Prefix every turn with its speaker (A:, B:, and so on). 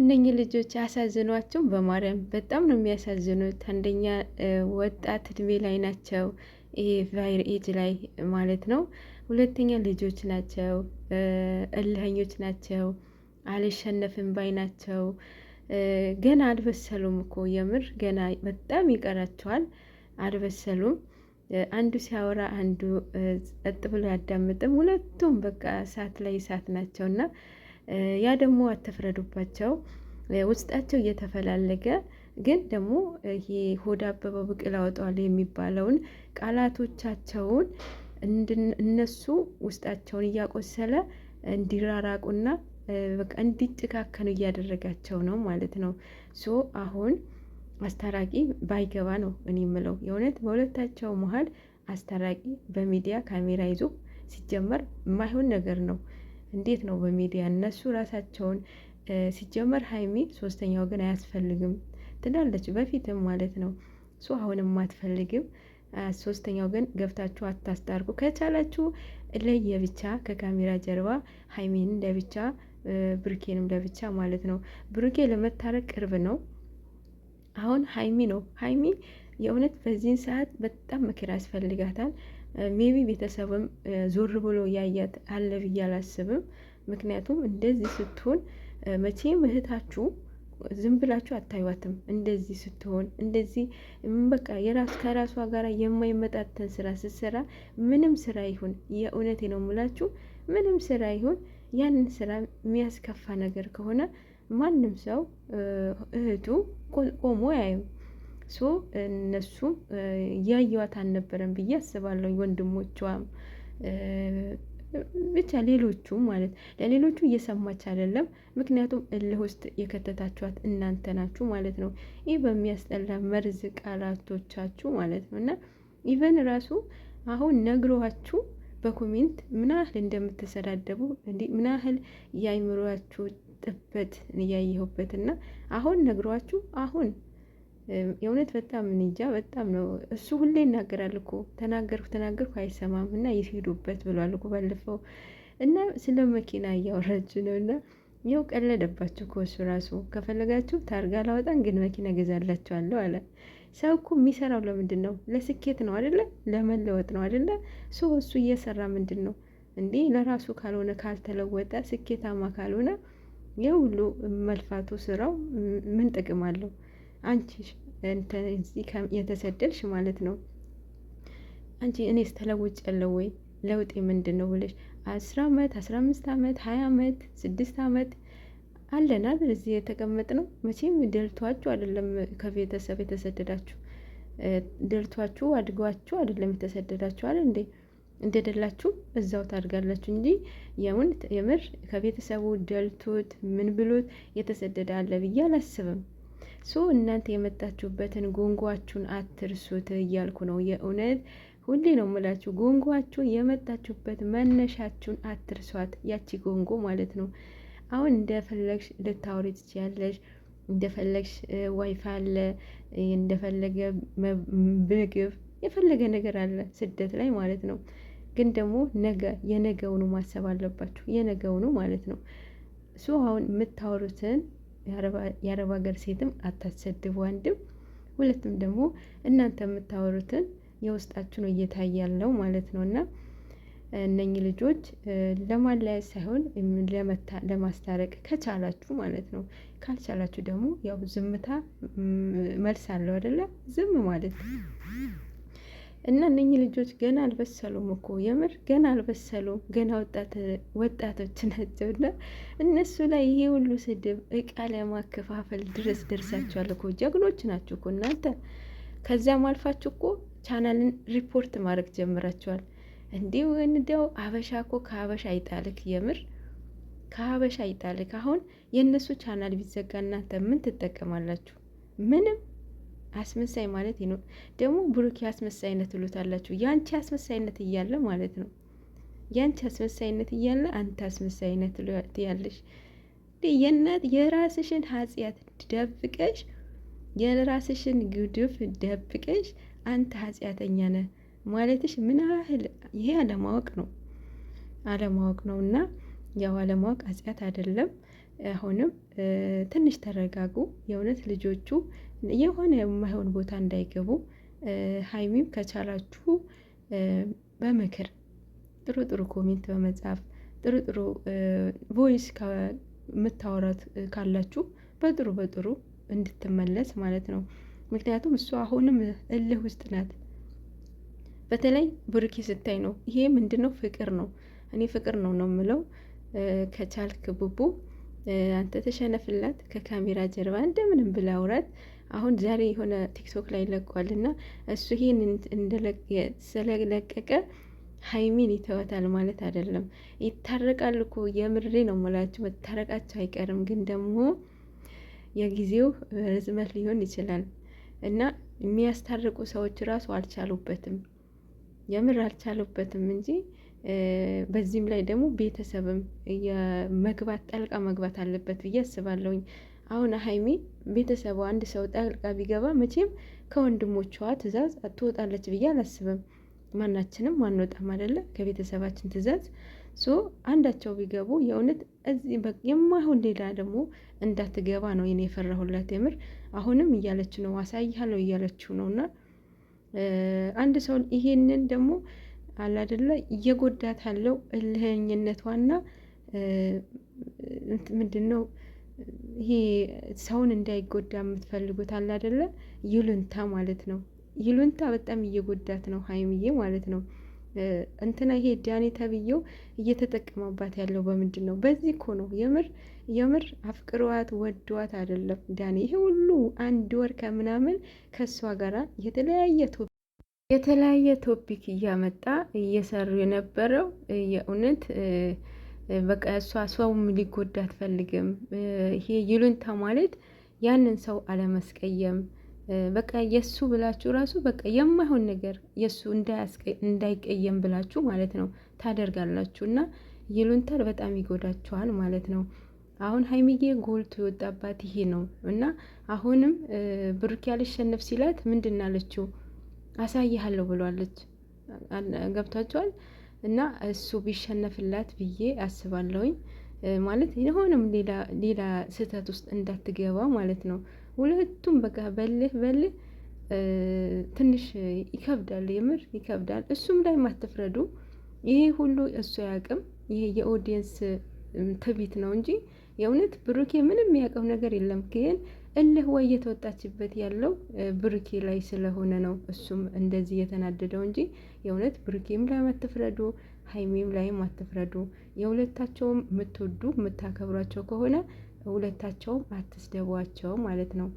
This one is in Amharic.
A: እነኚህ ልጆች ያሳዝኗቸው በማርያም በጣም ነው የሚያሳዝኑት። አንደኛ ወጣት እድሜ ላይ ናቸው፣ ይሄ ቫይር ኤጅ ላይ ማለት ነው። ሁለተኛ ልጆች ናቸው፣ እልኸኞች ናቸው፣ አልሸነፍም ባይ ናቸው። ገና አልበሰሉም እኮ የምር ገና በጣም ይቀራቸዋል፣ አልበሰሉም። አንዱ ሲያወራ አንዱ ጸጥ ብሎ አያዳምጥም። ሁለቱም በቃ እሳት ላይ እሳት እና ያ ደግሞ አተፍረዱባቸው ውስጣቸው እየተፈላለገ ግን ደግሞ ይሄ ሆድ አበበው ብቅል አወጣዋል የሚባለውን ቃላቶቻቸውን እነሱ ውስጣቸውን እያቆሰለ እንዲራራቁና በቃ እንዲጨካከኑ እያደረጋቸው ነው ማለት ነው። ሶ አሁን አስታራቂ ባይገባ ነው እኔ የምለው የእውነት በሁለታቸው መሀል አስታራቂ በሚዲያ ካሜራ ይዞ ሲጀመር የማይሆን ነገር ነው። እንዴት ነው በሚዲያ እነሱ ራሳቸውን ሲጀመር ሀይሚ ሶስተኛ ወገን አያስፈልግም ትላለች፣ በፊትም ማለት ነው እሱ አሁንም አትፈልግም። ሶስተኛ ወገን ገብታችሁ አታስታርቁ። ከቻላችሁ ለየብቻ ከካሜራ ጀርባ ሀይሚንን ለብቻ ብሩኬንም ለብቻ ማለት ነው። ብሩኬ ለመታረቅ ቅርብ ነው። አሁን ሀይሚ ነው ሀይሚ የእውነት በዚህን ሰዓት በጣም መከራ ያስፈልጋታል። ሜቢ ቤተሰብም ዞር ብሎ ያያት አለ ብዬ አላስብም። ምክንያቱም እንደዚህ ስትሆን መቼም እህታችሁ ዝም ብላችሁ አታዩዋትም። እንደዚህ ስትሆን እንደዚህ በቃ የራሱ ከራሷ ጋር የማይመጣተን ስራ ስትሰራ ምንም ስራ ይሁን የእውነቴ ነው የምላችሁ ምንም ስራ ይሁን ያንን ስራ የሚያስከፋ ነገር ከሆነ ማንም ሰው እህቱ ቆሞ አያዩም። ሶ እነሱ እያየዋት አልነበረም ብዬ አስባለሁ። ወንድሞቿም ብቻ ሌሎቹ ማለት ለሌሎቹ እየሰማች አይደለም። ምክንያቱም እልህ ውስጥ የከተታችኋት እናንተ ናችሁ ማለት ነው። ይህ በሚያስጠላ መርዝ ቃላቶቻችሁ ማለት ነው እና ኢቨን ራሱ አሁን ነግሯችሁ በኮሜንት ምን ያህል እንደምትሰዳደቡ እንዲ ምን ያህል የአይምሯችሁ ጥበት እያየሁበት እና አሁን ነግሯችሁ አሁን የእውነት በጣም እንጃ በጣም ነው እሱ ሁሌ ይናገራል እኮ ተናገርኩ ተናገርኩ አይሰማም እና ይሄዱበት ብሏል እኮ ባለፈው እና ስለ መኪና እያወራች ነው እና ያው ቀለደባችሁ እኮ ራሱ ከፈለጋችሁ ታርጋ ላወጣን ግን መኪና ገዛላችኋለሁ አለ ሰው እኮ የሚሰራው ለምንድን ነው ለስኬት ነው አደለ ለመለወጥ ነው አደለ ሶ እሱ እየሰራ ምንድን ነው እንዴ ለራሱ ካልሆነ ካልተለወጠ ስኬታማ ካልሆነ ይህ ሁሉ መልፋቱ ስራው ምን ጥቅም አለው አንቺ እዚህ የተሰደድሽ ማለት ነው። አንቺ እኔስ ተለውጭ ያለው ወይ ለውጤ ምንድን ነው ብለሽ አስራ አመት አስራ አምስት አመት ሀያ አመት ስድስት አመት አለና እዚህ የተቀመጥ ነው። መቼም ደልቷችሁ አይደለም ከቤተሰብ የተሰደዳችሁ ደልቷችሁ አድጓችሁ አይደለም የተሰደዳችሁ አለ እንዴ እንደደላችሁ እዛው ታድጋላችሁ እንጂ የምር ከቤተሰቡ ደልቶት ምን ብሎት የተሰደደ አለ ብዬ አላስብም። ሶ እናንተ የመጣችሁበትን ጎንጓችሁን አትርሱት እያልኩ ነው። የእውነት ሁሌ ነው የምላችሁ፣ ጎንጓችሁን የመጣችሁበት መነሻችሁን አትርሷት። ያቺ ጎንጎ ማለት ነው። አሁን እንደፈለግሽ ልታወሪ ትችያለሽ። እንደፈለግሽ ዋይፋ አለ፣ እንደፈለገ ምግብ፣ የፈለገ ነገር አለ ስደት ላይ ማለት ነው። ግን ደግሞ ነገ የነገውኑ ማሰብ አለባችሁ። የነገውኑ ማለት ነው። እሱ አሁን የምታወሩትን የአረብ ሀገር ሴትም አታሰድቡ፣ አንድም ሁለትም ደግሞ እናንተ የምታወሩትን የውስጣችሁ ነው እየታየ ያለው ማለት ነው። እና እነኚህ ልጆች ለማለያየት ሳይሆን ለማስታረቅ ከቻላችሁ ማለት ነው። ካልቻላችሁ ደግሞ ያው ዝምታ መልስ አለው አይደለ? ዝም ማለት ነው። እና እነኚህ ልጆች ገና አልበሰሉም እኮ የምር ገና አልበሰሉም፣ ገና ወጣቶች ናቸው። እና እነሱ ላይ ይሄ ሁሉ ስድብ፣ እቃ ለማከፋፈል ድረስ ደርሳችኋል እኮ ጀግኖች ናችሁ እኮ እናንተ። ከዚያም አልፋችሁ እኮ ቻናልን ሪፖርት ማድረግ ጀምራችኋል። እንዲህ እንዲያው አበሻ እኮ ከአበሻ አይጣልክ፣ የምር ከሀበሻ ይጣልክ። አሁን የእነሱ ቻናል ቢዘጋ እናንተ ምን ትጠቀማላችሁ? ምንም አስመሳይ ማለት ይኖ ደግሞ ብሩክ የአስመሳይነት ትሉታላችሁ። ያንቺ አስመሳይነት እያለ ማለት ነው። ያንቺ አስመሳይነት እያለ አንተ አስመሳይነት ትያለሽ። የእናት የራስሽን ኃጢአት ደብቀሽ የራስሽን ግድፍ ደብቀሽ አንተ ኃጢአተኛ ነህ ማለትሽ ምን ያህል ይሄ አለማወቅ ነው፣ አለማወቅ ነው እና ያው አለማወቅ ኃጢአት አይደለም። አሁንም ትንሽ ተረጋጉ። የእውነት ልጆቹ የሆነ የማይሆን ቦታ እንዳይገቡ ሀይሚም ከቻላችሁ በምክር ጥሩ ጥሩ ኮሜንት በመጻፍ ጥሩ ጥሩ ቮይስ ከምታወራት ካላችሁ በጥሩ በጥሩ እንድትመለስ ማለት ነው። ምክንያቱም እሱ አሁንም እልህ ውስጥ ናት። በተለይ ብሩኬ ስታይ ነው ይሄ ምንድን ነው? ፍቅር ነው። እኔ ፍቅር ነው ነው የምለው። ከቻልክ ቡቡ አንተ ተሸነፍላት ከካሜራ ጀርባ እንደምንም ብላ አውራት። አሁን ዛሬ የሆነ ቲክቶክ ላይ ለቋል እና እሱ ይህን ስለለቀቀ ሀይሚን ይተወታል ማለት አይደለም። ይታረቃል እኮ የምሬ ነው ሞላችሁ፣ መታረቃቸው አይቀርም። ግን ደግሞ የጊዜው ርዝመት ሊሆን ይችላል እና የሚያስታርቁ ሰዎች ራሱ አልቻሉበትም፣ የምር አልቻሉበትም እንጂ በዚህም ላይ ደግሞ ቤተሰብም የመግባት ጠልቃ መግባት አለበት ብዬ አስባለሁኝ። አሁን ሀይሚ ቤተሰቡ አንድ ሰው ጠልቃ ቢገባ መቼም ከወንድሞቿ ትዕዛዝ ትወጣለች ብዬ አላስብም። ማናችንም ማንወጣም አይደለ ከቤተሰባችን ትዕዛዝ ሶ አንዳቸው ቢገቡ የእውነት እዚህ የማይሆን ሌላ ደግሞ እንዳትገባ ነው የኔ የፈራሁላት። የምር አሁንም እያለች ነው አሳይሃለሁ እያለችው ነው እና አንድ ሰው ይሄንን ደግሞ አለ አይደለ እየጎዳት ያለው እልህኝነቷና ምንድን ነው ይሄ ሰውን እንዳይጎዳ የምትፈልጉት አለ አይደለ ይሉንታ ማለት ነው። ይሉንታ በጣም እየጎዳት ነው ሀይምዬ ማለት ነው። እንትና ይሄ ዳኔ ተብዬው እየተጠቀመባት ያለው በምንድን ነው? በዚህ እኮ ነው የምር የምር አፍቅሯት ወዷት አይደለም ዳኔ ይሄ ሁሉ አንድ ወር ከምናምን ከእሷ ጋራ የተለያየ
B: የተለያየ ቶፒክ እያመጣ እየሰሩ የነበረው የእውነት በቃ እሷ ሰውም ሊጎዳ አትፈልግም። ይሄ ይሉንታ ማለት ያንን ሰው አለመስቀየም በቃ የእሱ ብላችሁ ራሱ በቃ የማይሆን ነገር የእሱ እንዳይቀየም ብላችሁ ማለት ነው ታደርጋላችሁ። እና ይሉንታል በጣም ይጎዳችኋል ማለት ነው። አሁን ሀይሚዬ ጎልቶ የወጣባት ይሄ ነው እና አሁንም ብሩኬ አልሸነፍ ሲላት ምንድን አለችው? አሳይሃለሁ ብሏለች። ገብታችኋል? እና እሱ ቢሸነፍላት ብዬ አስባለሁኝ። ማለት የሆነም ሌላ ስህተት ውስጥ እንዳትገባ ማለት ነው። ሁለቱም በቃ በልህ በልህ ትንሽ ይከብዳል፣ የምር ይከብዳል። እሱም ላይ ማትፍረዱ። ይሄ ሁሉ እሱ ያቅም ይሄ የኦዲየንስ ትቢት ነው እንጂ የእውነት ብሩኬ ምንም ያውቀው ነገር የለም ግን እልህ ወይ እየተወጣችበት ያለው ብርኬ ላይ ስለሆነ ነው እሱም እንደዚህ የተናደደው እንጂ የእውነት ብርኬም ላይ አትፍረዱ፣ ሀይሜም ላይም አትፍረዱ። የሁለታቸውም የምትወዱ የምታከብሯቸው ከሆነ ሁለታቸውም አትስደቧቸው ማለት ነው።